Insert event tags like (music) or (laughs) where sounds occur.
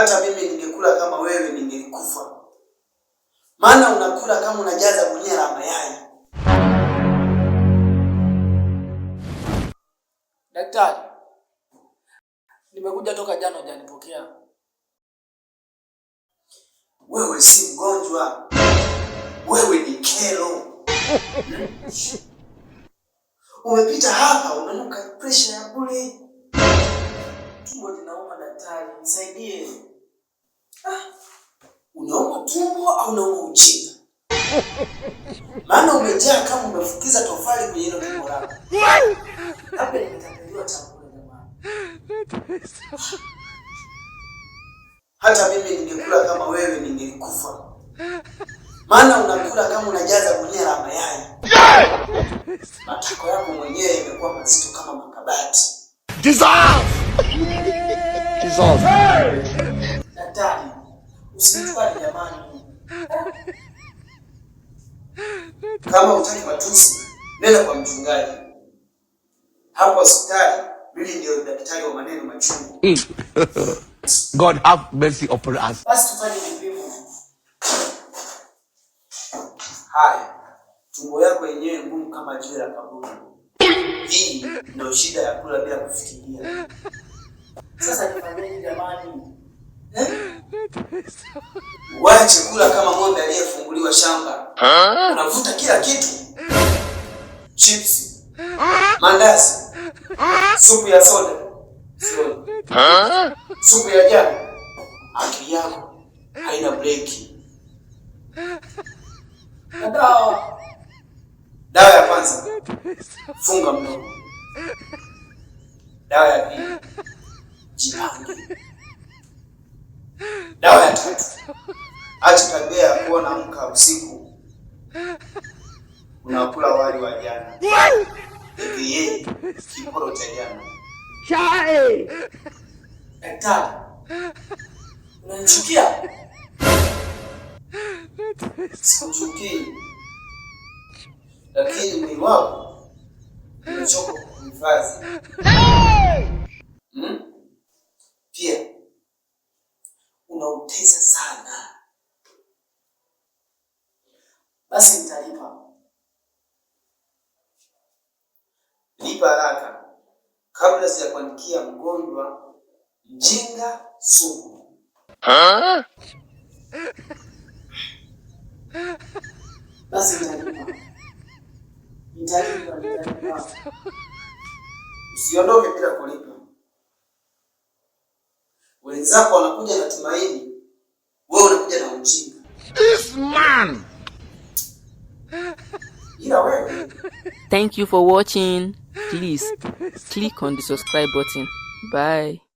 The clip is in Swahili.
hata mimi ningekula kama wewe ningekufa. maana unakula kama unajaza gunia la mayai. Daktari, nimekuja toka jana, hujanipokea. Wewe si mgonjwa, wewe ni kero. Umepita hapa unanuka pressure ya kule, tumbo linauma. Daktari nisaidie unauma tumbo au unauma uchina? Maana umejaa kama umefukiza tofali kwenye hilo tumbo lako. Labda nimetapeliwa chakula jamani. Hata mimi ningekula kama wewe ningelikufa. Maana unakula kama unajaza gunia la mayai. Matako yako mwenyewe yamekuwa mazito kama makabati. Dissolve! Dissolve! Usijali jamani, kama utaki matusi nenda kwa mchungaji hapo hospitali. Mimi ndio daktari wa maneno machungu. Mm. (laughs) God have mercy upon us. Basi tufanye vipimo. Haya, tumbo yako yenyewe ngumu kama jiwe la kaburi. Hii ndio shida ya kula bila kufikiria. Sasa nifanyeni jamani, eh? (laughs) Wewe chakula kama ng'ombe aliyefunguliwa shamba, unavuta kila kitu: chips, mandazi, supu ya soda, supu ya jana. Akili yako haina breki. Dawa dawa ya kwanza, funga mdomo. Dawa ya pili, jipange. usiku unakula wali wa jana, Hivi yeye kiporo cha jana Chai. Daktari, unanichukia? Sikuchuki. lakini mwili wako umechoka kuhifadhi hmm? pia unautesa sana basi nitalipa. Lipa haraka kabla sijakuandikia mgonjwa mjinga sugu. Basi nitalipa, nitalipa, nitalipa. Usiondoke bila kulipa. Wenzako wanakuja na tumaini, wewe unakuja na ujinga. This man Thank you for watching. Please (laughs) click on the subscribe button. Bye.